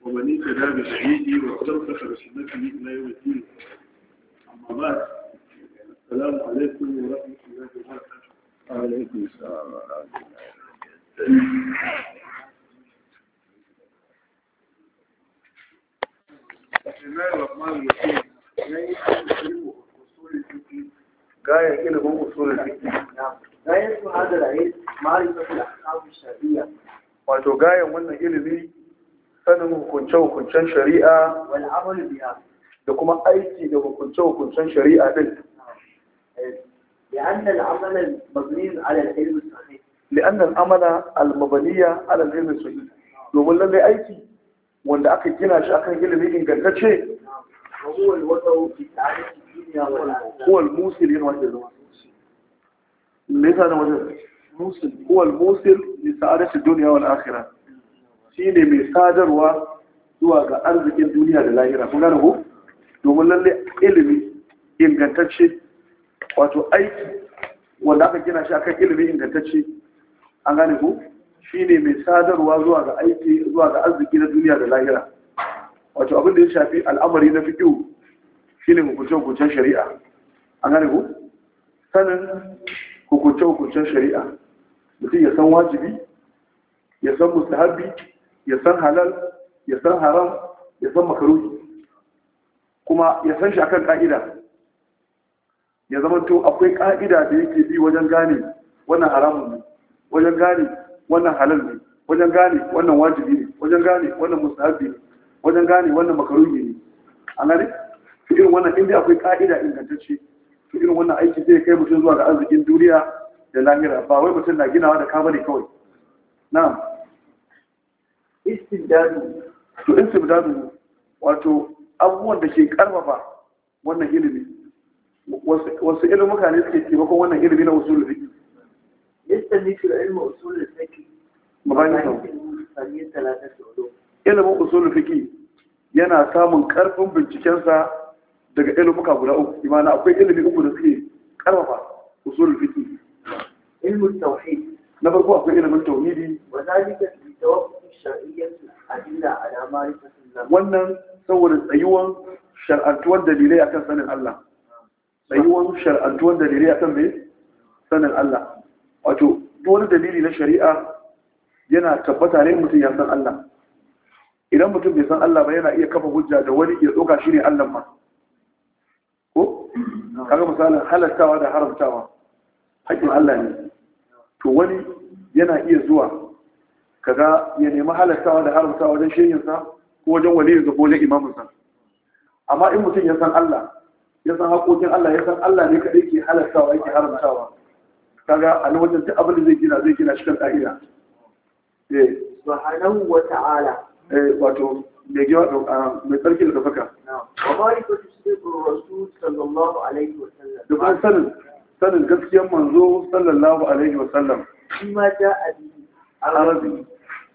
ومن اهتدى بهديه واستمسك بسنته الى يوم الدين اما بعد السلام عليكم ورحمه الله وبركاته وعليكم السلام ورحمه الله غاية كده هو أصول الفكر غاية هذا العيد معرفة الأحكام الشرعية wato gayan wannan ilimi sanin hukunce-hukuncen shari'a da kuma aiki da hukunce-hukuncen shari'a din لأن العمل مبني على العلم الصحيح لأن domin lallai aiki wanda aka gina shi akan ilimi ingantacce kowal musil yana wajen zama musil kowal musil bi sa'adatu dunya wal akhirah shine mai sadarwa zuwa ga arzikin duniya da lahira kun gane ko domin lalle ilimi ingantacce wato aiki wanda aka gina shi akan ilimi ingantacce an gane ko shine mai sadarwa zuwa ga aiki zuwa ga arziki na duniya da lahira wato abin da ya shafi al'amari na fiqh shine hukunce-hukuncen shari'a an gane ku sanin hukunce-hukuncen shari'a mutum ya san wajibi ya san mustahabi ya san halal ya san haram ya san makaruhi kuma ya san shi akan ka'ida ya zama to akwai ka'ida da yake bi wajen gane wannan haramun ne wajen gane wannan halal ne wajen gane wannan wajibi ne wajen gane wannan mustahabi ne wajen gane wannan makaruhi ne an gane to irin wannan inda akwai ka'ida ingantacce to irin wannan aiki zai kai mutum zuwa ga arzikin duniya da lahira ba wai mutum na ginawa da kama ne kawai na'am istindadu to istindadu wato abubuwan da ke karfafa wannan ilimi wasu ilimuka ne suke taimakon wannan ilimi na usulul fiqh yastani fil ilmi usulul fiqh mabani ilimin usulul fiqh yana samun karfin bincikensa daga ilimuka guda uku imana akwai ilimi uku da suke karfafa usulul fiqh ilmu tauhid na farko akwai ilimin tauhidi wa zalika bi tawakkul wannan saboda tsayuwan shar'antuwar dalilai akan sanin Allah tsayuwan shar'antuwar dalilai akan mai sanin Allah wato wani dalili na shari'a yana tabbata ne mutum ya san Allah idan mutum bai san Allah ba yana iya kafa hujja da wani ya tsoka shi ne Allah ma ko kaga misalin halattawa da haramtawa haƙƙin Allah ne to wani yana iya zuwa kaga ya nemi halartawa da haramta wajen shehinsa ko wajen waliyinsa ko wajen imamunsa amma in mutum ya san Allah ya san haƙoƙin Allah ya san Allah ne kaɗai ke halartawa yake haramtawa kaga a lokacin duk abin da zai gina zai gina cikin ƙa'ida eh subhanahu wa ta'ala eh wato mai giwa mai tsarki da dafaka wa ma'rifatu sirrul rasul sallallahu alaihi wa sallam da sanin sanin gaskiyar manzo sallallahu alaihi wa sallam shi ma ta arabi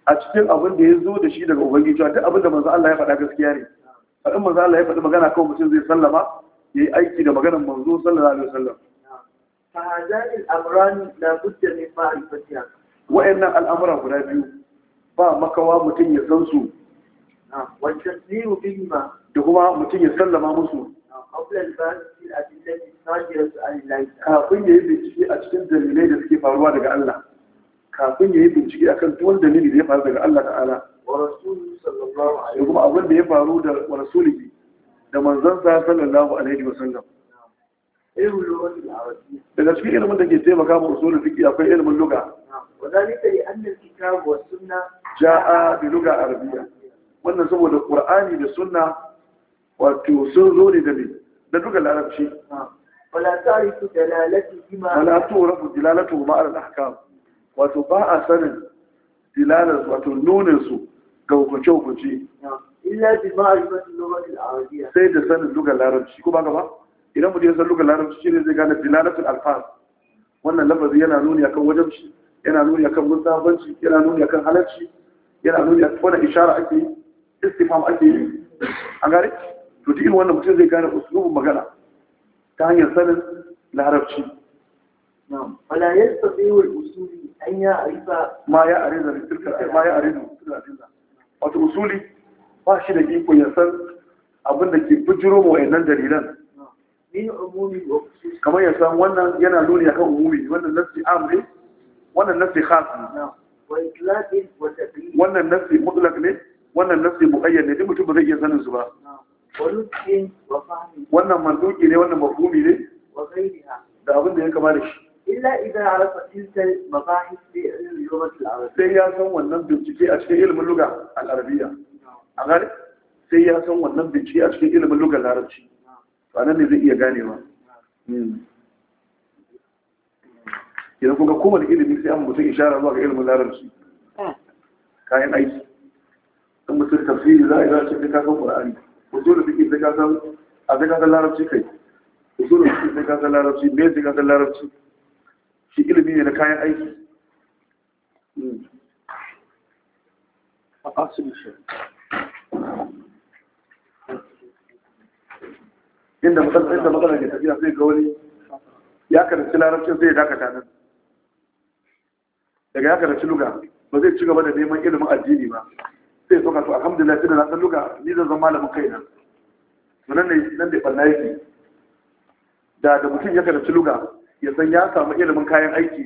a cikin abin da ya zo da shi daga ubangiji duk abin da manzo Allah ya faɗa gaskiya ne faɗin manzo Allah ya faɗi magana kawai mutum zai sallama ya yi aiki da maganar manzo sallallahu alaihi wasallam fahazanil amran la budda min ma'rifatiha wa'annan al'amura guda biyu ba makawa mutum ya san su wa tasdiru bihima da kuma mutum ya sallama musu kafin ya yi bincike a cikin dalilai da suke faruwa daga Allah kafin ya yi bincike akan tuwon dalili da ya faru daga Allah ta'ala da kuma abin da ya faru da wa rasulihi da manzansa sallallahu alaihi wa sallam daga cikin ilimin da ke taimaka ma usulul fiqh akwai ilimin lugha wadalika li anna al wa sunna jaa bi lugha arabiyya wannan saboda qur'ani da sunna wato sun zo ne da bi da lugha larabci wala ta'rifu dalalatihima wala tu'rafu dalalatihima ala al-ahkam wato ba a sanin dilalar wato nuninsu ga hukunce-hukunce sai da sanin lugar larabci ko ba gaba idan mutum ya san lugar larabci shi ne zai gane dilalatul alfahar. wannan lamarin yana nuni akan wajabci yana nuni akan musabanci yana nuni akan halarci yana nuni akan wani ishara ake yi istifam ake yi an gane to duk wannan mutum zai gane usulubin magana ta hanyar sanin larabci wala usuli an ya arisa ma ya arisa tilka ma ya arisa wato usuli ba shi da iko ya san abin da ke bujiro ma wayannan dalilan kamar ya san wannan yana nuni akan umumi wannan nafsi amri wannan nafsi khas wannan nafsi mutlaq ne wannan nafsi muqayyad ne duk mutum ba zai iya sanin su ba wannan manduki ne wannan mafhumi ne da abin da ya kama da shi illa idan arafa tilkal mabahis fi ilmi lughati sai ya san wannan bincike a cikin ilimin lugha al a gani sai ya san wannan bincike a cikin ilimin lugha larabci to anan ne zai iya ganewa hmm. idan kuka da ilimi sai an mutum ishara zuwa ga ilimin larabci eh. kayan aiki in mutum tafsiri za a yi za a ce sai ka san qur'ani usulul fiqh sai a sai ka larabci kai usulul fiqh sai ka san larabci me zai ka larabci shi ilimi ne na kayan aiki inda matsalar da tafiya zai ga wani ya karanci larabci zai dakata nan daga ya karanci luga ba zai ci gaba da neman ilimin addini ba sai soka to alhamdulillah tunda na san luga ni zan zama malamin kaina to nan ne nan da barna yake da da mutum ya karanci luga ya san ya samu ilimin kayan aiki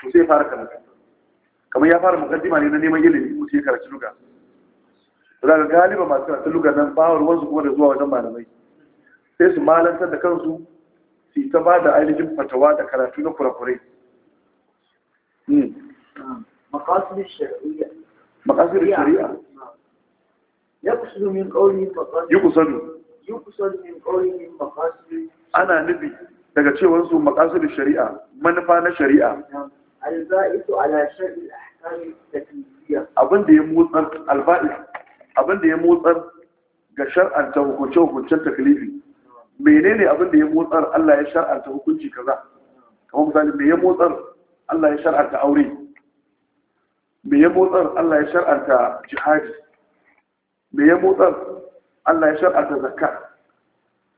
ko sai fara karatu kamar ya fara mukaddima ne na neman ilimi ko sai karatu luga da ga galiba masu karatu luga nan ba ruwansu kuma da zuwa wajen malamai sai su malantar da kansu su ta ba da ainihin fatawa da karatu na kurakurai مقاصد shari'a مقاصد الشريعة يقصد من قوله مقاصد يقصد يقصد من daga cewar su maqasid shari'a manufa na shari'a al-ba'isu ala shar'i al-ahkam at abin da ya motsar al-ba'is abin da ya motsar ga shar'anta hukunce hukuncen taklifi menene abin da ya motsar Allah ya shar'anta hukunci kaza kamar misali me ya motsar Allah ya shar'anta aure me ya motsar Allah ya shar'anta jihadi me ya motsar Allah ya shar'anta zakka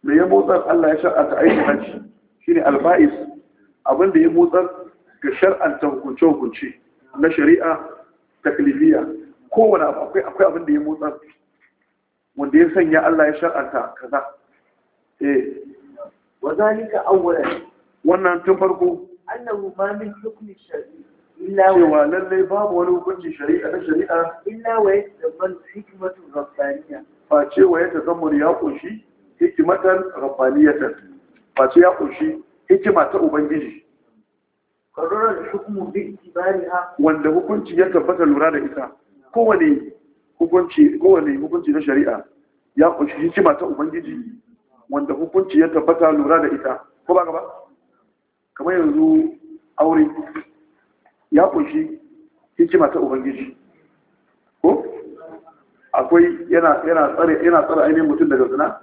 me ya motsar Allah ya shar'anta aikin hajji shine alba'is abin da ya motsar ga shar'anta hukunce-hukunce na shari'a taklifiya kowane akwai akwai abin da ya motsar wanda ya sanya Allah ya shar'anta kaza eh wa zalika awwalan wannan tun farko annahu ma min hukmi shar'i illa wa lallai babu wani hukunci shari'a na shari'a illa wa yatazammal hikmatu rabbaniya fa ce wa yatazammal ya kunshi hikmatan rabbaniyatan Fasu ya kunshi hikima ta ubangiji karurar hukumu bi itibariha wanda hukunci ya tabbata lura da ita kowane hukunci kowane hukunci na shari'a ya kunshi hikima ta ubangiji wanda hukunci ya tabbata lura da ita ko ba ba kamar yanzu aure ya kunshi hikima ta ubangiji ko akwai yana tsara ainihin mutum daga zina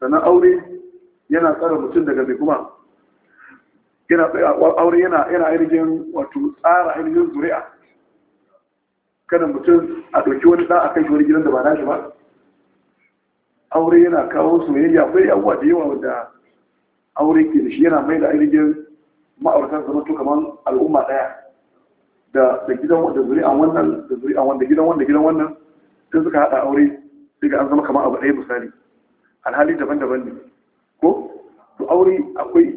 sannan aure yana tsara mutum daga mai kuma yana aure yana yana ainihin wato tsara ainihin zuri'a kada mutum a ɗauki wani ɗan a kai wani gidan da ba nashi ba aure yana kawo soyayya bai abuwa da yawa wanda aure ke da shi yana mai da ainihin ma'auratan zama to kamar al'umma ɗaya da da gidan wanda zuri'an wannan da zuri'an wanda gidan wanda gidan wannan sun suka haɗa aure sai ga an zama kamar abu ɗaya misali alhali daban-daban ne ko to aure akwai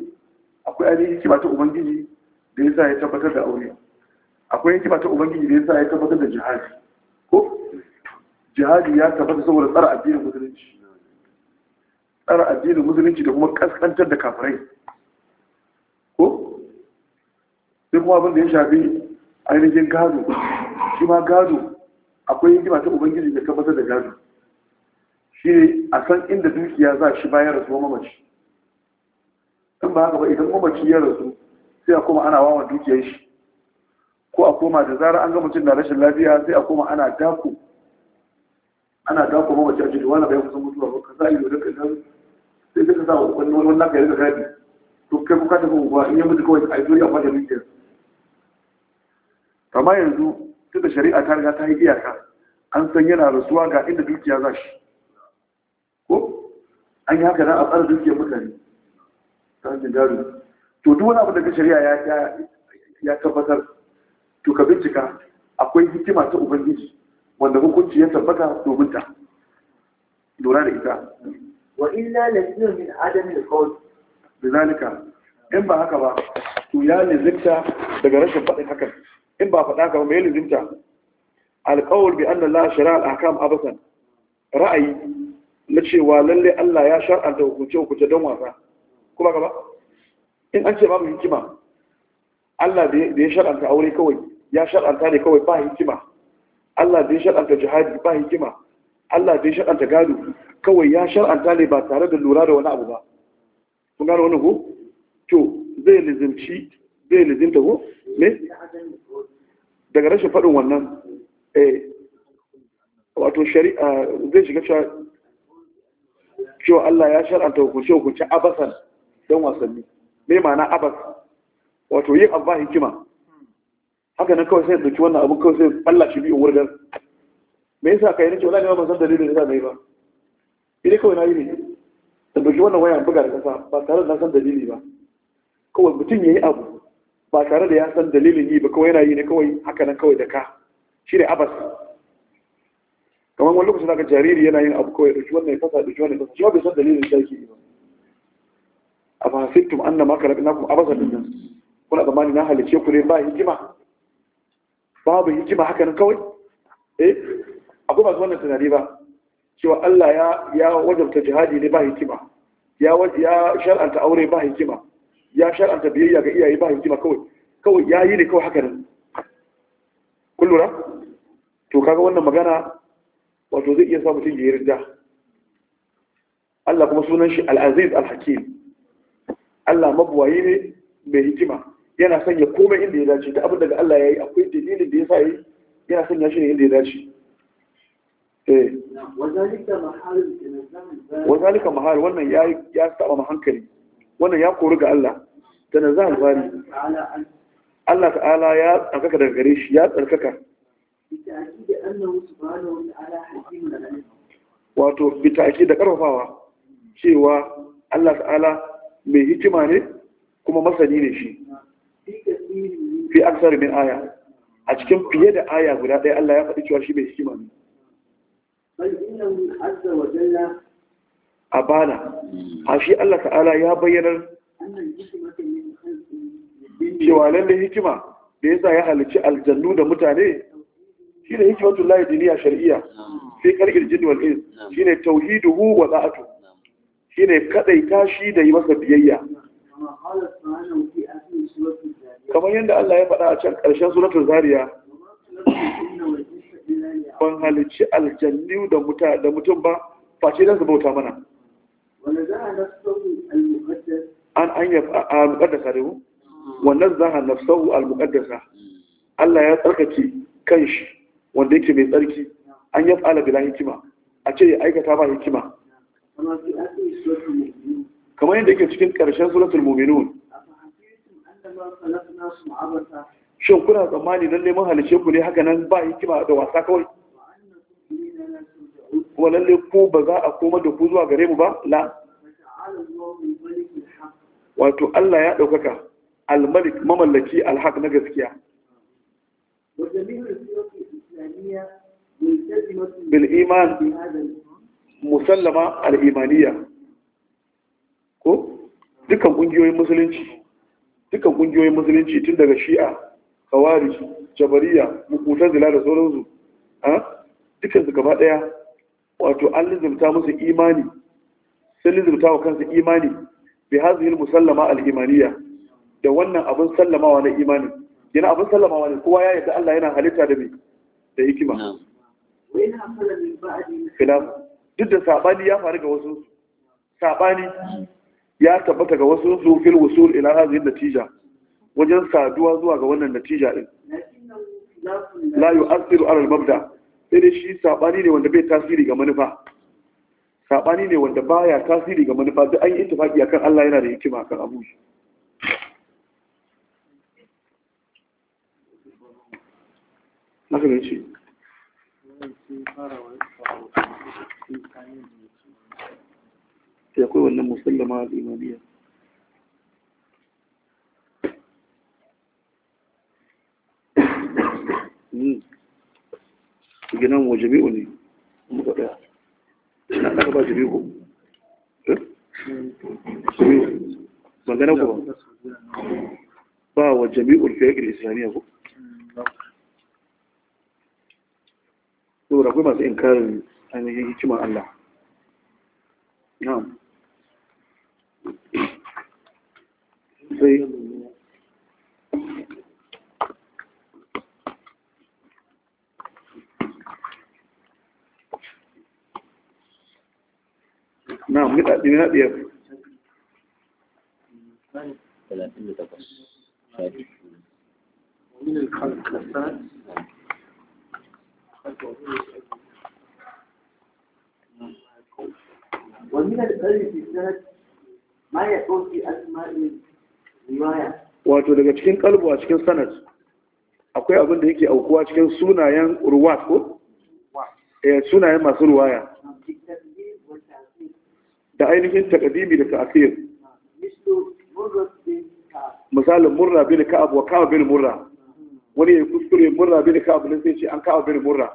akwai ainihin hikima ta ubangiji da ya sa ya tabbatar da aure akwai hikima ta ubangiji da ya sa ya tabbatar da jihadi ko jihadi ya tabbata saboda tsara addinin musulunci tsara addinin musulunci da kuma kaskantar da kafirai ko sai kuma abin da ya shafi ainihin gado shi ma gado akwai hikima ta ubangiji da tabbatar da gado shi ne a san inda dukiya za shi bayan rasuwa mamaci in ba haka ba idan mamaci ya rasu sai a koma ana wawan dukiyar shi ko a koma da zara an ga mutum na rashin lafiya sai a koma ana dako ana dako mamaci a jiri wani bayan kusan mutuwa ba ka za a yi da kan sai sai ka sa wani wani naka ya rika gadi to kai kuka tafi kuwa in ya mutu kawai a yi zuri a fata dukiyar amma yanzu da shari'a ta riga ta yi iyaka an san yana rasuwa ga inda dukiya za shi an yi haka nan a tsara dukiyar mutane ta hanyar jari to duk wani abu ka shari'a ya tabbatar to ka bincika akwai hikima ta ubangiji wanda hukunci ya tabbata domin ta lura da ita wa illa lazim min adam al Da bizalika in ba haka ba to ya lizinta daga rashin faɗin hakan in ba faɗa ka ba mai lazimta al-qawl bi anna la shari'a a ahkam abasan ra'ayi na cewa lalle Allah ya shar'anta hukunce hukunce don wasa kuma gaba in an ce babu hikima Allah da ya shar'anta aure kawai ya shar'anta ne kawai ba hikima Allah da ya shar'anta jihadi ba hikima Allah da ya shar'anta gado kawai ya shar'anta ne ba tare da lura da wani abu ba kun gano wani ko to zai lizimci zai lizimta ko me daga rashin faɗin wannan eh wato shari'a zai shiga cewa Allah ya shar'anta hukunce hukunce abasan don wasanni me ma'ana abas wato yin abba hikima haka nan kawai sai dauki wannan abun kawai sai balla shi biyu wurgar me yasa kai nake wallahi ba san dalilin da zai ba idan kawai na yi ne da dauki wannan waya buga da kasa ba tare da san dalili ba kawai mutum yayi abu ba tare da ya san dalilin yi ba kawai yana yi ne kawai haka nan kawai da ka shi ne abas kamar wani lokacin aka jariri yana yin abu kawai ɗauki wannan ya fasa ɗauki wannan ya fasa shi bai san dalilin da yake ba a ba sittum an na makara na kuma abasa da nan kuna tsammani na halice ku ne ba hikima babu hikima haka nan kawai eh akwai masu wannan tunani ba cewa Allah ya ya wajabta jihadi ne ba hikima ya ya shar'anta aure ba hikima ya shar'anta biyayya ga iyaye ba hikima kawai kawai ya yi ne kawai haka nan kullura to kaga wannan magana wato zai iya sa mutum ya yi rida Allah kuma sunan shi al'aziz, aziz al-hakim Allah mabuwayi ne mai hikima yana sanya komai inda ya dace da abin daga Allah ya yi akwai dalilin da ya sa yi yana sanya shi ne inda ya dace eh. wazalika mahal wannan ya saba ma hankali wannan ya kori ga Allah da na za a Allah ta'ala ya tsarkaka daga gare shi ya tsarkaka wato bitaki da karfafawa cewa Allah ta'ala mai hikima ne kuma masani ne shi fi aksar min aya a cikin fiye da aya guda ɗaya Allah ya faɗi cewa shi mai hikima ne a bana a shi Allah ta'ala ya bayyanar cewa lallai hikima da yasa ya halici aljannu da mutane shi ne hikimatun layi diniya shari'iyya sai karkir jini wal ins shi ne tauhiduhu wa za'atu shi ne kadaita shi da yi masa biyayya kamar yadda Allah ya faɗa a can ƙarshen suratul zariya ban halicci aljannu da mutum ba face don su bauta mana an an yi a muƙaddasa da mm. wannan zaha nafsahu al-muƙaddasa mm. Allah ya tsarkake kan shi wanda yake mai tsarki an yi fa'ala bila hikima a ce ya aikata ba hikima kamar yadda yake cikin ƙarshen suratul mu'minun shin kuna tsammani don neman halice ku ne haka nan ba hikima da wasa kawai kuma lalle ko ba za a koma da ku zuwa gare mu ba la wato Allah ya ɗaukaka al-malik mamallaki al-haq na gaskiya بالإيمان مسلمة الإيمانية ko dukkan kungiyoyin musulunci dukkan kungiyoyin musulunci tun daga shi'a kawari jabariya mutazila da sauransu a dukkan su gaba daya wato an lizumta musu imani sun lizumta kansu imani bi hazihil musallama al da wannan abin sallamawa na imani yana abin sallamawa ne kowa ya yarda Allah yana halitta da mai da hikima khilaf duk da sabani ya faru ga wasu sabani ya tabbata ga wasu su fil wusul ila hadhihi natija wajen saduwa zuwa ga wannan natija din la yu'athiru ala al-mabda sai shi sabani ne wanda bai tasiri ga manufa sabani ne wanda baya tasiri ga manufa duk an yi ittifaki akan Allah yana da hikima akan abu haka ne sai akwai wannan musallama al'imaniya hmm. ginan wa jami'u ne muka daya na ba eh? magana ba wa jami'ul islamiyya saboda akwai masu inkarin ainihin hikimar Allah na'am sai na'am daga cikin kalbu a cikin sanad akwai abin da yake aukuwa cikin sunayen ruwat ko eh sunayen masu ruwaya da ainihin takadimi da ta'khir misalin murra bin ka'ab wa ka'ab bin murra wani ya kuskure murra bin ka'ab ne sai ce an ka'ab bin murra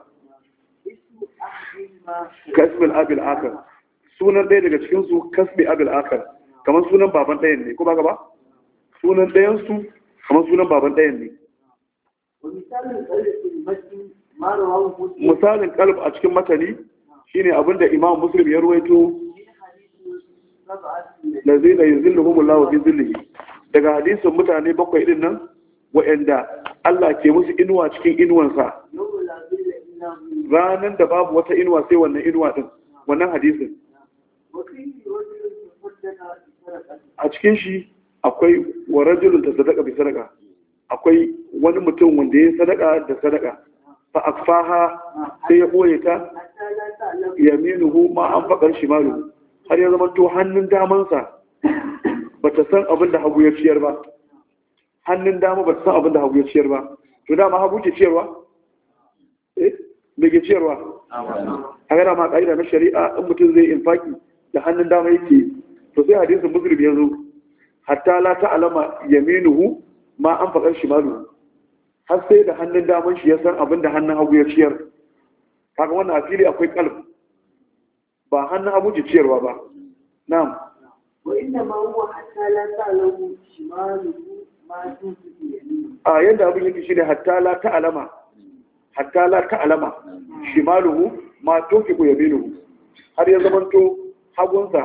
kasbil abil akar sunan ɗaya daga cikin su kasbi abil akar kamar sunan baban ɗayan ne ko ba ba sunan ɗayan su kamar sunan baban ɗayan ne misalin kalb a cikin matani shine da imam muslim ya ruwaito lazina yuzilluhumullahu fi zillihi daga hadisin mutane bakwai ɗin nan wa'anda Allah ke musu inuwa cikin inuwansa ranar da babu wata inuwa sai wannan inuwa ɗin, wannan hadisun a cikin shi akwai wa rajulun ta sadaka bi sadaka akwai wani mutum wanda ya sadaka da sadaka fa akfaha sai ya koye ta yaminuhu ma an fakar malu har ya zama to hannun damansa ta san abin da hagu ya ciyar ba hannun dama ba ta san abin da hagu ya ciyar ba to dama hagu ke ciyarwa eh me ke ciyarwa a ga ma kaida na shari'a in mutum zai infaki da hannun dama yake to sai hadisin musulmi ya zo hatta la ta'lama yaminuhu ma an faɗar shimalu har sai da hannun daman shi ya san abin da hannun hagu ya ciyar kaga wannan a fili akwai kalb ba hannun hagu ji ciyarwa ba na'am wa inna ma huwa hatta la ta'lamu shimalu ma tunfiqu yaminu a yanda abin yake shine hatta la ta'lama hatta la ta'lama shimaluhu ma tunfiqu yaminu har ya zamanto hagunsa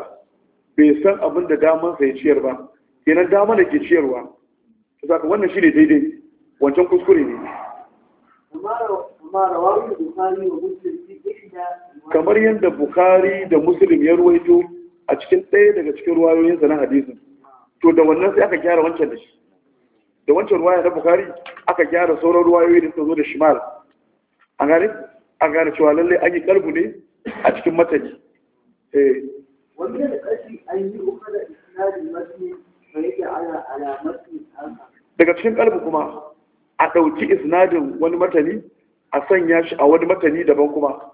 bai san abin da damansa ya ciyar ba kenan dama da ke ciyarwa to saka wannan shi ne daidai wancan kuskure ne kamar yadda Bukhari da Muslim ya ruwaito a cikin ɗaya daga cikin ruwayoyinsa na hadisin to da wannan sai aka gyara wancan da shi da wancan ruwaya na Bukhari aka gyara sauran ruwayoyi da suka zo da shimal an gane an gane cewa lallai an yi karbu ne a cikin matani eh wanda da kashi an yi uku da isnadin matani daga cikin kalbi kuma a ɗauki isnadin wani matani a sanya shi a wani matani daban kuma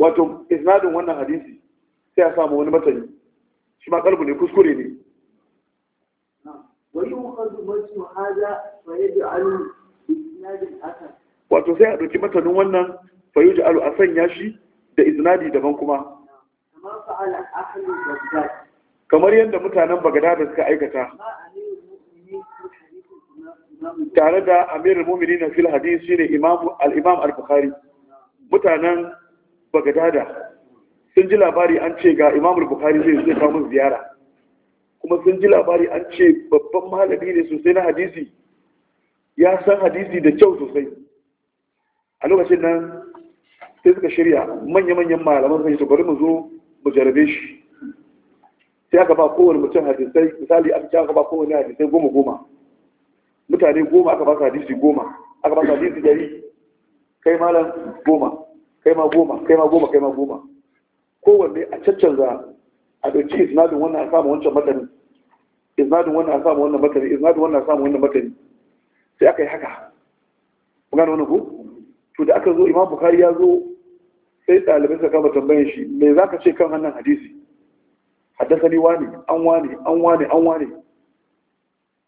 wato isnadin wannan hadisi sai a samu wani matani shi ma kalbi ne kuskure ne wato sai a ɗauki matanin wannan fayu ji alu a sanya shi da isnadi daban kuma kamar yadda mutanen bagadada suka aikata tare da mummini na fil hadith shine imam al-imam al-bukhari mutanen bagadada sun ji labari an ce ga imam al-bukhari zai zai kawo ziyara kuma sun ji labari an ce babban malami ne sosai na hadisi ya san hadisi da kyau sosai a lokacin nan sai suka shirya manya-manyan malaman sai su bari mu zo mu jarabe shi sai aka ba kowane mutum hadisai misali aka aka ba kowane hadisai goma goma mutane goma aka ba su hadisi goma aka ba su hadisi dari kai malam goma kai ma goma kai ma goma kai ma goma kowanne a caccanza a ɗauki isnadin wannan a samu wancan matanin isnadin wannan a samu wannan matanin isnadin wannan a samu wannan matanin sai aka yi haka ku gane wani ku to da aka zo imam bukari ya zo sai ɗalibai suka kama tambayan shi me za ka ce kan wannan hadisi حدثني واني عن واني عن واني عن واني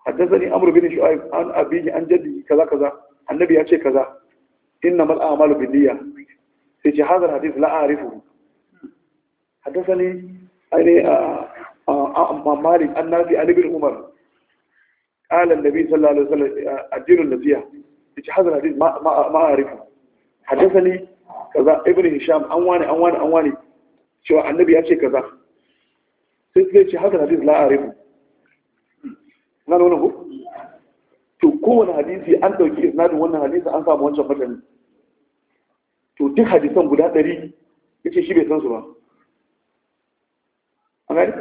حدثني أمر بن شعيب عن أبيه عن جده كذا كذا النبي أشي كذا إنما الأعمال بالنية في هذا الحديث لا أعرفه حدثني يعني أم مالك النبي عن ابن عمر قال النبي صلى الله عليه وسلم الدين النبيه في هذا الحديث ما ما ما أعرفه حدثني كذا ابن هشام أنواني أنواني أنواني شو النبي أشي كذا sai suka ce haka hadis la arifu na nuna ku? to kowane hadisi an dauki isnadin wannan hadisi an samu wancan matanin to duk hadisan guda ɗari yace shi bai san su ba A gani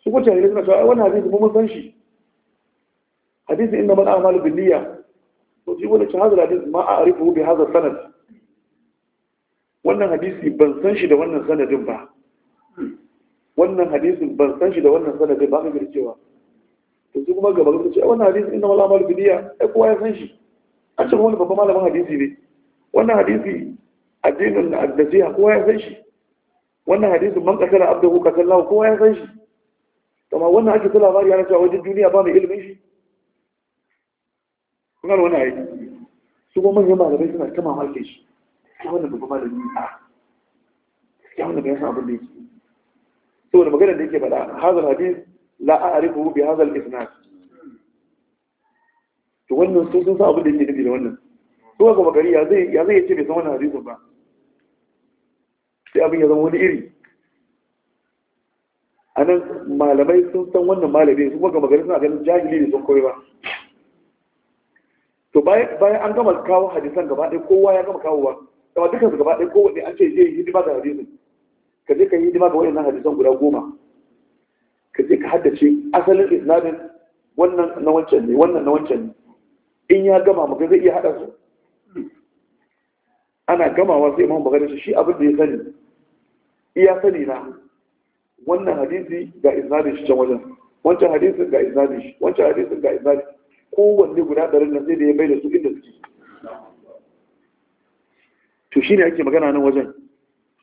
su kwanci jahilai suna cewa wani hadisi mun san shi hadisi inda mana a'malu biliya. niyya to shi wannan hadisi hadisi ma a'rifu bai hadha sanad wannan hadisi ban san shi da wannan sanadin ba wannan hadisin ban san shi da wannan sanadi ba ka cewa to su kuma gaba su ce wannan hadisin inna wala amal bidiya ai kowa ya san shi an ce wani babban malamin hadisi ne wannan hadisi addinin addasiya kowa ya san shi wannan hadisin man kasala abdahu kasallahu kowa ya san shi amma wannan ake ta labari ana cewa wajen duniya ba mai ilimin shi kuma wani ayi su kuma manyan malamai suna ta mamakin shi kuma wannan babban malami a ah, gaskiya wannan bayan san abin da yake Wani maganar da yake faɗa hazal hadis la a'rifu bi hazal isnad to wannan sun sun san abin da yake nufi da wannan to ga magari ya zai ya ce bai san wannan hadisin ba sai abin ya zama wani iri anan malamai sun san wannan malami su kuma magari suna ganin jahili ne sun koyi ba to bayan an gama kawo hadisan gaba ɗaya kowa ya gama kawo ba kuma dukkan gaba ɗaya kowanne an ce je hidima da hadisin ka je ka yi hidima ga wannan hadisan guda goma ka je ka haddace asalin isnadin wannan na wancan ne wannan na wancan ne in ya gama maka zai iya hada su ana gamawa sai imam bukari shi abin da ya sani iya sani na wannan hadisi ga isnadin shi can wajen wancan hadisi ga isnadin shi wancan hadisi ga isnadin kowanne guda ɗarin nan sai da ya bai da su inda suke to shine ake magana nan wajen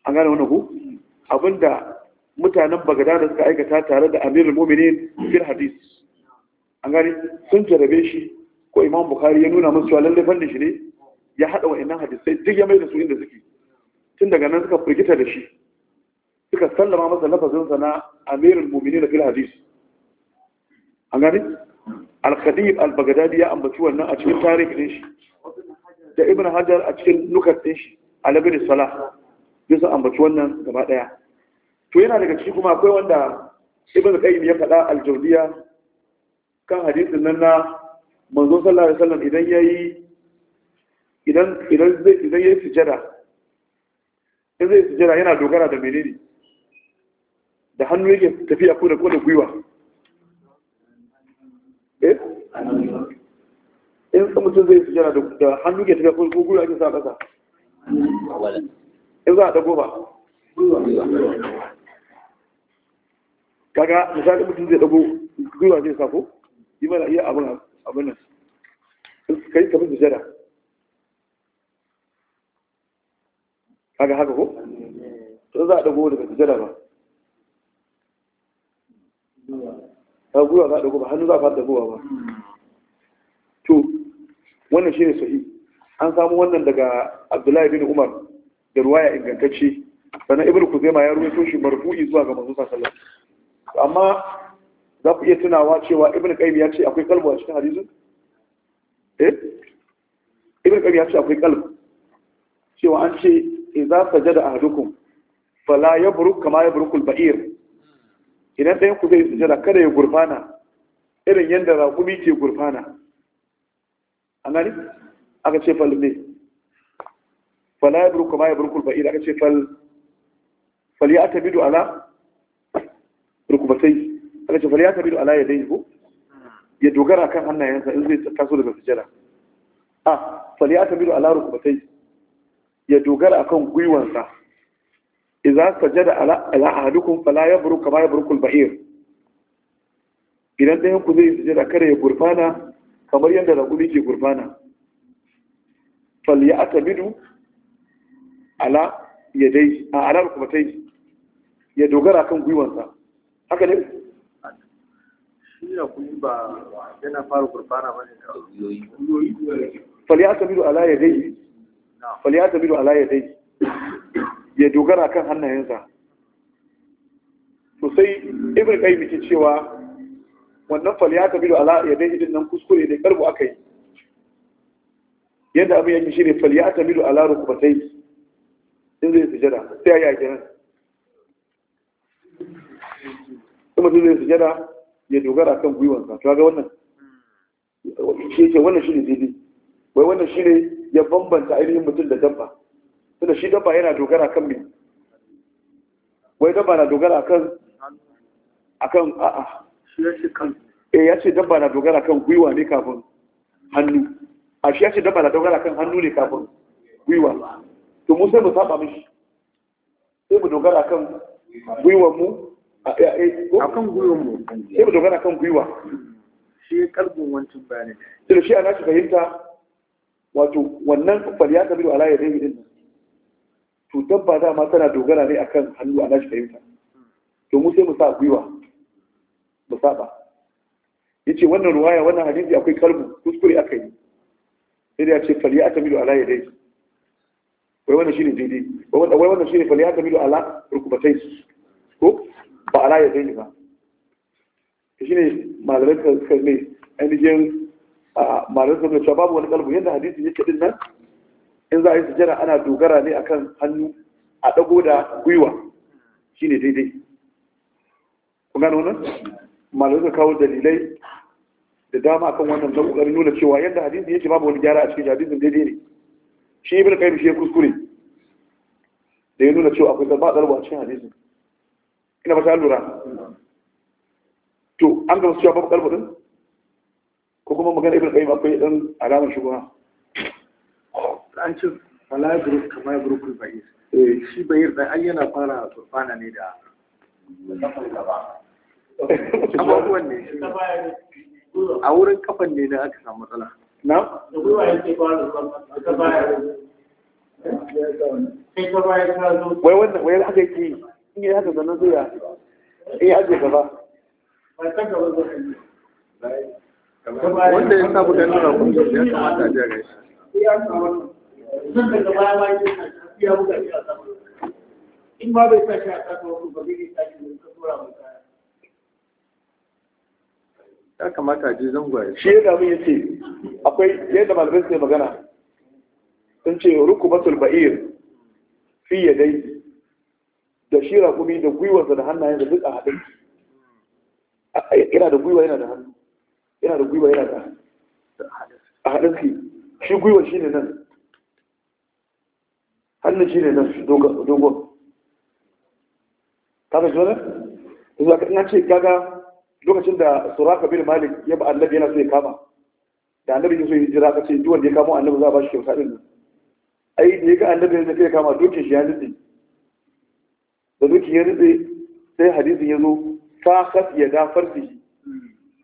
an gane wannan ku abinda mutanen bagada da suka aikata tare da amirul mu'minin fil hadis an gani sun jarabe shi ko imam bukhari ya nuna musu lalle fannin shi ne ya hada wa'annan hadisai duk ya mai da su inda suke tun daga nan suka firgita da shi suka sallama masa lafazinsa na amirul mu'minin fil hadis an gani al khadib al-baghdadi ya ambaci wannan a cikin tarihi din shi da ibn hajar a cikin nukat din shi al-ibn salah duk sun ambaci wannan gaba daya to yana daga ciki kuma akwai wanda ibn qayyim ya faɗa al-jawziya kan hadisin nan na manzon sallallahu alaihi wasallam idan yayi idan idan zai idan yayi sujada in zai sujada yana dogara da menene da hannu yake tafiya ko da ko da gwiwa eh in mutum zai sujada da hannu yake tafiya ko da gwiwa yake sa kasa in za a dago ba kaga misali mutum zai dago gwiwa zai sako yi mana iya abin abin kai ka yi jada. sujada kaga haka ko to za a dago daga jada ba ta gwiwa za a dago ba hannu za a fara dagowa ba to wannan shi ne sahi an samu wannan daga abdullahi bin umar da ruwaya ingantacce sannan Ibn kuzaima ya ruwaito shi marfu'i zuwa ga manzo sallallahu amma za ku iya tunawa cewa Ibn qayyim ya ce akwai kalbu a cikin hadisi eh Ibn qayyim ya ce akwai kalbu cewa an ce idza sajada ahadukum fala yabruk kama yabrukul ba'ir idan ɗayan ku zai sujada kada ya gurfana irin yadda raƙumi ke gurfana a gani aka ce falme fala ya burku ala ya tabidu ala ya dogara kan hannayensa in zai taso daga sujada a fal ala ya dogara akan gwiwansa idza sajada ala ala ahadukum fala yabruku kama yabruku al-ba'ir idan ɗayan ku zai sujada kada ya gurfana kamar yadda raƙumi ke gurfana fal ya atabidu ala yadai a ala hukumatai ya dogara kan gwiwansa haka ne shi kun ala yadai ya dogara kan hannayensa sosai ibn kai yake cewa wannan da ala yadai idin nan kuskure ne karbu yi. yadda abin yake shine da ala rukubatai in zai sujada sai ya yi a in mutum zai sujada ya dogara kan gwiwansa to ga wannan shi ce wannan shi ne zidi wai wannan shi ne ya bambanta ainihin mutum da dabba tunda shi dabba yana dogara kan mai wai dabba na dogara kan akan a'a eh ya ce dabba na dogara kan gwiwa ne kafin hannu a shi ya ce dabba na dogara kan hannu ne kafin gwiwa to mu sai mu saba mishi sai mu dogara kan gwiwar mu kan gwiwar mu sai mu dogara kan gwiwa shi kalbin wancin bayani sai shi ana nashi fahimta wato wannan fariya ta biyu ala ya dai din to dabba dama tana dogara ne akan hannu ana nashi fahimta to mu sai mu sa gwiwa mu saba yace wannan ruwaya wannan hadisi akwai kalbu kuskure aka yi sai ya ce fariya ta biyu ala ya dai wai wannan shine daidai wai wannan shine fa ya tamilu ala rukubatai ko ba ala ya daidai ba shine malamai suka suka ne ainihin malamai suka cewa babu wani kalbu yadda hadisi yake din nan in za a yi sujjara ana dogara ne akan hannu a dago da gwiwa shine daidai kun gano nan malamai suka kawo dalilai da dama akan wannan don kokarin nuna cewa yadda hadisi yake babu wani gyara a cikin hadisin daidai ne shi ibn qayyim shi kuskure da ya nuna cewa akwai zaba zarba a cikin hadisi ina ba ta lura to an gaba cewa babu kalbu din ko kuma magana ibn qayyim akwai dan alamar shubha an ce fala kama ya group kuma eh shi bayir dan yana fara turbana ne da abubuwan ne a wurin kafan ne na aka samu matsala na? da gwiwa yake ba da ta baya sai ta baya ta zo wai wannan wai haka yake yi in yi haka sannan sai in yi ajiye gaba ba ta wanda ya samu ganin rakun ya kamata a jiya gaishe sun daga baya ma yake ya buga shi a sama in ma bai sa shi a sama ba zai yi sa shi ne ka tura mutane ya kamata je zangwaye shi ya ya ce, akwai yadda malamai suke magana sun ce batul ba'ir fi dai. da shi rakumi da gwiwarsa da hannayen da duk a haɗe yana da gwiwa yana da hannu yana da gwiwa yana da a haɗe su shi gwiwa shi ne nan hannun shi ne nan dogon kaga shi wani? zuwa ka ina ce gaga lokacin da suraka bin malik ya ba annabi yana so ya kama da annabi ya so ya jira kace duk wanda ya kama annabi za a ba shi kyauta din ai da ya ga annabi ne sai ya kama dokin shi ya nitsi da dukin ya nitsi sai hadisi ya zo fakat ya da farsi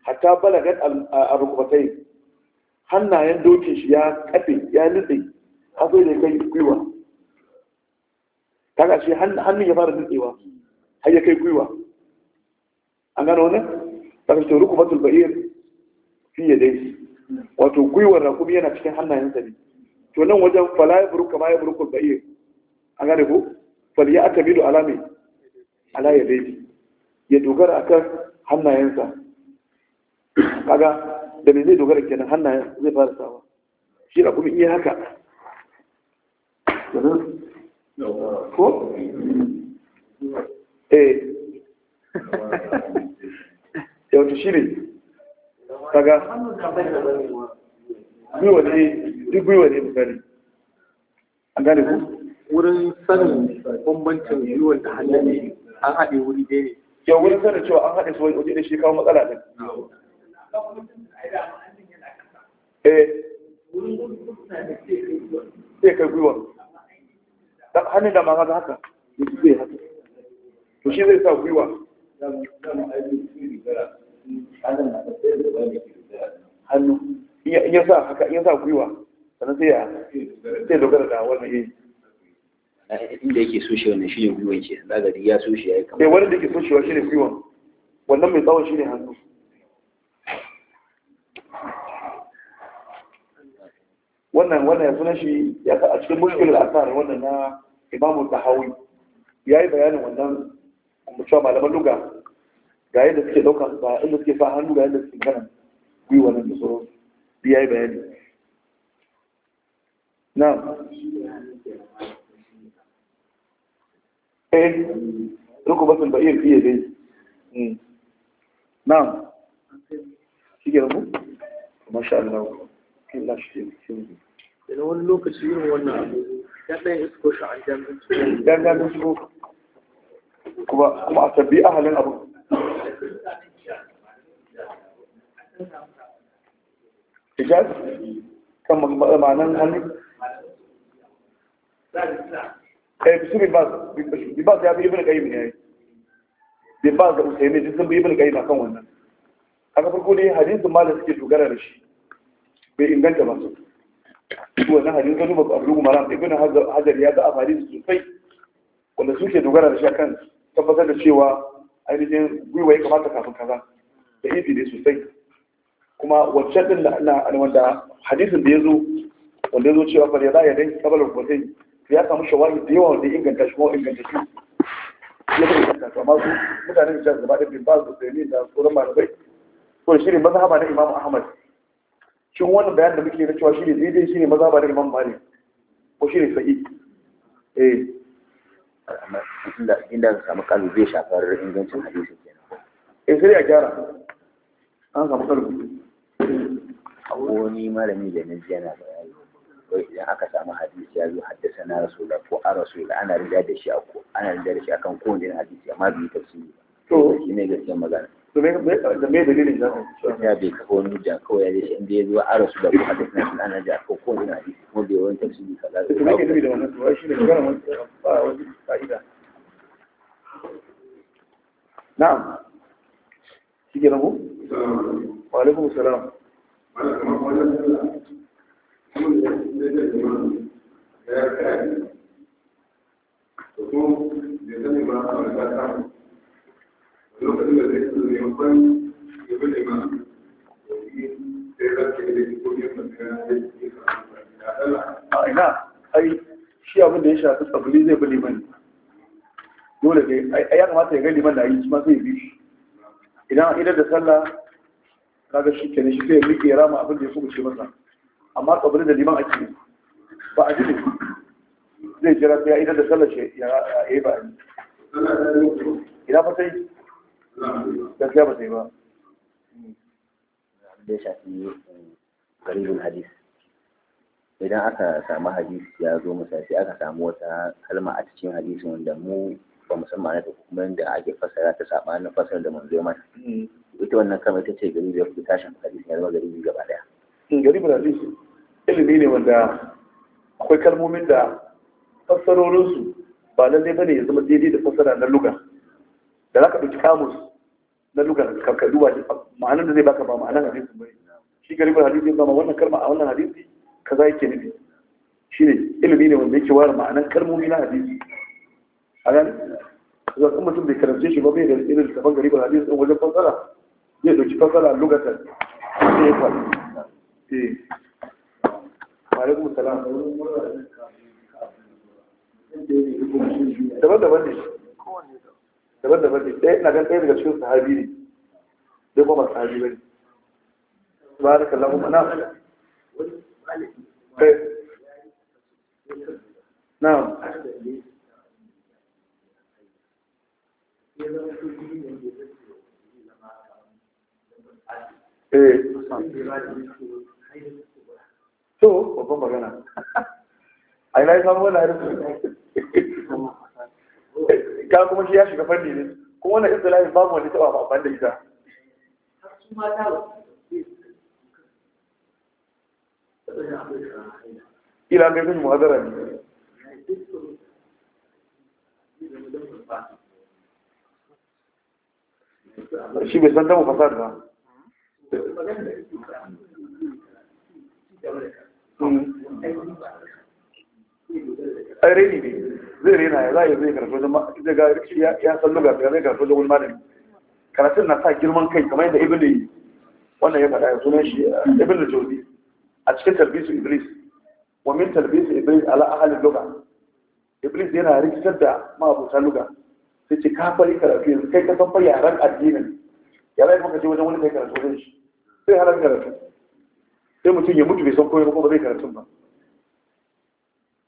hatta balagat al-rukbatai hannayen dokin shi ya kafe ya nitsi har sai da kai gwiwa kaga shi hannun ya fara nitsewa har ya kai gwiwa an gano wannan saka ce rukubatul ba'ir fi dai wato gwiwar rakumi yana cikin hannayensa ne to nan wajen fala ya buruka ma ya burukul ba'ir A gane ko fal ya akabidu alami ala yadayhi ya dogara a kan hannayensa kaga da mai zai dogara kenan hannayen zai fara sawa shi rakumi in iya haka ko eh yautu shi ne kaga gwiwa ne duk gwiwa ne misali an gane ku wurin sanin bambancin gwiwa da hannu ne an haɗe wuri ɗaya ne yau wurin sanin cewa an haɗe su waje da shi kawo matsala ɗin eh sai kai gwiwa hannun da ma haka zai haka to shi zai sa gwiwa kanan na tafiyar da wani ke da hannu in sa haka in sa gwiwa sannan sai ya sai dogara da wannan yi inda yake soshe wannan shi ne gwiwan ke zagari ya soshe ya yi kamar eh wanda da yake soshewa shi ne gwiwan wannan mai tsawon shine hannu wannan wannan ya sunan shi ya a cikin mushkilul asar wannan na imamu tahawi yayi bayanin wannan mutuwa malaman lugha ga yadda suke ɗauka ba inda suke sa hannu ga yadda suke kanan wa nan da sauran ya yi bayani na eh ruku basin ba iya fiye dai hmm. na shi ke rabu masha Allah Allah shi ke da wani lokaci irin wannan abu ya ɗaya isko shi a jami'in kuma a tabbi ahalin abu hijaz kan hannu eh, su ya da sun bi kan wannan farko dai suke dogara da shi bai inganta ba wannan hadisin ka duba hajar ya sosai wanda suke dogara da shi kan tabbatar da cewa ainihin gwiwa ya kamata kafin kaza da ibi ne sosai kuma wacce din na wanda hadisin da ya zo wanda ya zo cewa bari da ya dai kabalar kwasai ya samu shawari da yawa da inganta shi kuma inganta shi ya bai inganta to amma su mutane da gaba da bin bazu da ne da sauran malamai ko shi ne mazhaba na Imam Ahmad shin wannan bayanin da muke da cewa shi ne daidai shi ne mazhaba na Imam Malik ko shi ne sa'i eh inda inda ka samu kalu zai shafar ingancin hadisi kenan eh sai a gyara an samu kalu wani malami da na yana bayani wai idan aka samu hadisi ya zo haddasa na rasula ko a rasula ana da shi a ko ana rida da shi akan kowane hadisi amma bai tafsiri to shi ne gaskiyar magana to me da me dalilin da ya bai kafa wani hujja kawai ya ce inda ya zo a rasula ko haddasa na rasula ana rida ko kowane hadisi kuma bai wani tafsiri kaza to me ke nufi da wannan to shi ne magana wani ba wani fa'ida na'am shi ke nagu? wa alaikum salam lokacin ya ai shafi tsabili zai bi liman dole ne ai ya kamata ya ga liman da yi kuma idan idar da sallah kaga shi kenan shi sai ya rike rama abin da ya kubuce masa amma kabilin da liman ake ba a jini zai jira sai idan da sallah shi ya yi ba ina fata sai? gaskiya ba sai ba da shafi eh, garibin hadis idan aka samu hadis ya zo misali aka samu wata kalma a cikin hadisin wanda mu ba musamman da hukumar da ake fasara ta saɓanin fasara da manzo ya mm. ita wannan kama ita ce gari ya fi tashin hadisi ya zama gari gaba daya mm, gari da hadisi ilimi ne wanda akwai kalmomin da fassarorinsu ba lallai bane ya zama daidai da fassara na lugar da za ka ɗauki kamus na luga ka duba ma'anar da zai baka ba ma'anar hadisi ba shi gari da hadisi ba wannan kalma a wannan hadisi kaza yake nufi ne, ilimi ne wanda yake ware ma'anar kalmomi na hadisi a gani zan mutum bai karance shi ba bai da irin gaban gari ba na biyu wajen fassara zai ɗauki fassara lokacin sai ya faɗi ne eh. alaikum salam daban-daban ne daban-daban ne ɗaya ina gan ɗaya daga cikin sahabi ne dai kuma sahabi ba ne ba da kallon kuma na na Eh. to babban magana a ina yi samu wani harin ka kuma shi ya shiga fanni ne kuma wannan istilahin babu wani taba amfani da ita ila ga zai muhadara ne shi bai san damu fasad ba hmm. ai rai ne zai rena ya za a yi zai karatu wajen zai ga ya san lugar ya zai karatu wajen wani karatun na sa girman kai kamar yadda ibn yi wannan ya faɗa ya sunan shi eh, ibn da jodi a cikin talbisu iblis wa min talbisu iblis ala ahalin lugar iblis yana rikitar da ma'abuta lugar sai ce ka fari karatu yanzu kai ka san fa yaran addinin yaran kuma ka je wajen wani kai karatu zai shi sai halar karatu sai mutum ya mutu bai san koyar ba zai karatun ba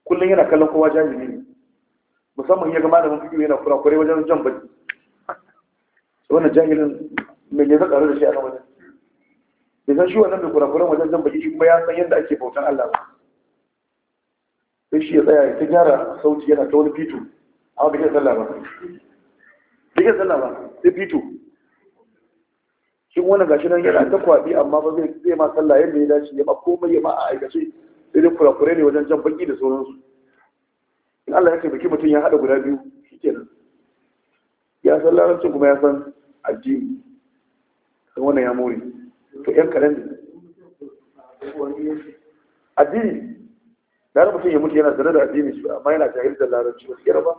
kullum yana kallon kowa jami'i ne musamman ya ga malamin fiƙi yana kurakurai wajen jan baki wannan jahilin mai ne zakaru da shi a kan wajen bai san shi wannan mai kuren wajen jan baki kuma ya san yadda ake bautan Allah ba sai shi ya tsaya ya ta gyara sauti yana ta wani fito a wajen iya sallah ba bai sallah ba sai fito Shin wannan gashi nan yana ta kwaɗi amma ba zai zai ma sallah yadda ya dace ya ba komai ya ma a aikace sai dai kurakure ne wajen jan baki da sauransu in Allah ya taimaki mutum ya haɗa guda biyu shikenan ya san larabcin kuma ya san addini kan wannan ya more to yan kaɗan ne addini larar mutum ya mutu yana zane da addini shi amma yana jahil da larabci ba yara ba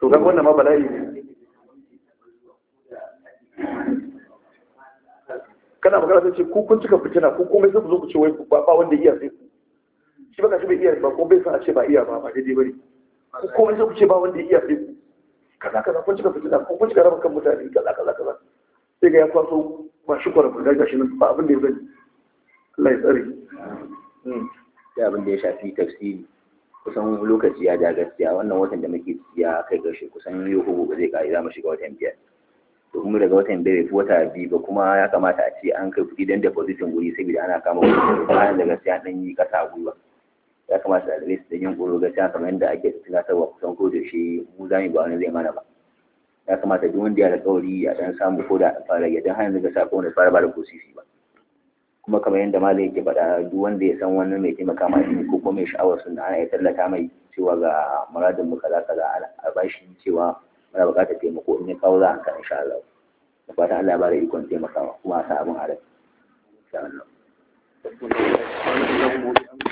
to ga wannan ma bala'i ne kana magana sai ce ku kun cika fitina ku komai sai ku zo ku ce wai ba ba wanda iya sai ku shi baka ce bai iya ba ko bai san a ce ba iya ba ba daidai bane ku kuma sai ku ce ba wanda iya sai ku kaza kaza kun cika fitina ku kun cika raba kan mutane kaza kaza kaza sai ga ya kwaso ba shi kwara da gashi nan ba abin da ya bane Allah ya tsare ya hmm. abin da ya shafi tafsiri kusan lokaci ya ja gaskiya wannan watan da muke ya kai gashi kusan yau ko ba zai kai za mu shiga watan biyar to kuma daga watan biyar fi wata biyu ba kuma ya kamata a ce an kai kuɗi don depositin guri saboda ana kama kuɗi bayan da gaskiya ɗan yi ƙasa gwiwa ya kamata da ɗalibai su yin ƙoro gaskiya kamar yadda ake tunatarwa kusan ko da shi mu zami ba wani zai mana ba ya kamata duk wanda ya da kauri a ɗan samu ko da fara ya dan hanyar da sako wanda fara ba da kosisi ba kuma kamar yadda malai yake faɗa duk wanda ya san wani mai taimaka ma shi ko kuma mai sha'awar sun ana ya tallata mai cewa ga muradin mu kaza kaza a bashi cewa muna buƙatar taimako in ya kawo za a kan insha Allah da fatan Allah ya bada ikon taimakawa kuma a sa abin a insha Allah